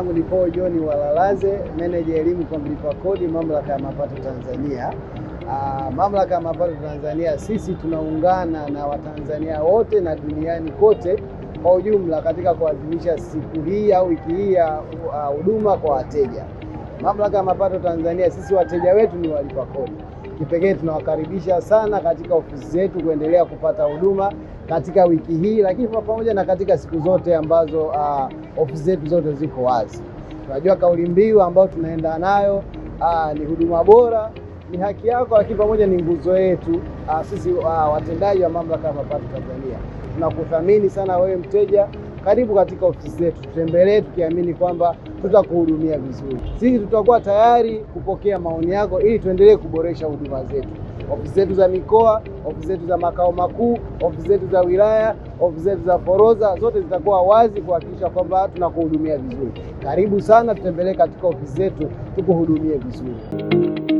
langu ni Paul John Walalaze, meneja elimu kwa mlipa kodi mamlaka ya mapato Tanzania. Uh, mamlaka ya mapato Tanzania, sisi tunaungana na Watanzania wote na duniani kote kwa ujumla katika kuadhimisha siku hii au wiki hii ya ah, huduma uh, kwa wateja. Mamlaka ya mapato Tanzania, sisi wateja wetu ni walipa kodi kipekee tunawakaribisha sana katika ofisi zetu kuendelea kupata huduma katika wiki hii, lakini pamoja na katika siku zote ambazo uh, ofisi zetu zote ziko wazi. Tunajua kauli mbiu ambayo tunaenda nayo uh, ni huduma bora ni haki yako, lakini pamoja ni nguzo yetu. Uh, sisi uh, watendaji wa mamlaka ya mapato Tanzania tunakuthamini sana wewe mteja karibu katika ofisi zetu, tutembelee tukiamini kwamba tutakuhudumia vizuri. Sisi tutakuwa tayari kupokea maoni yako ili tuendelee kuboresha huduma zetu, ofisi zetu za mikoa, ofisi zetu za makao makuu, ofisi zetu za wilaya, ofisi zetu za forodha, zote zitakuwa wazi kuhakikisha kwamba tunakuhudumia vizuri. Karibu sana, tutembelee katika ofisi zetu tukuhudumie vizuri.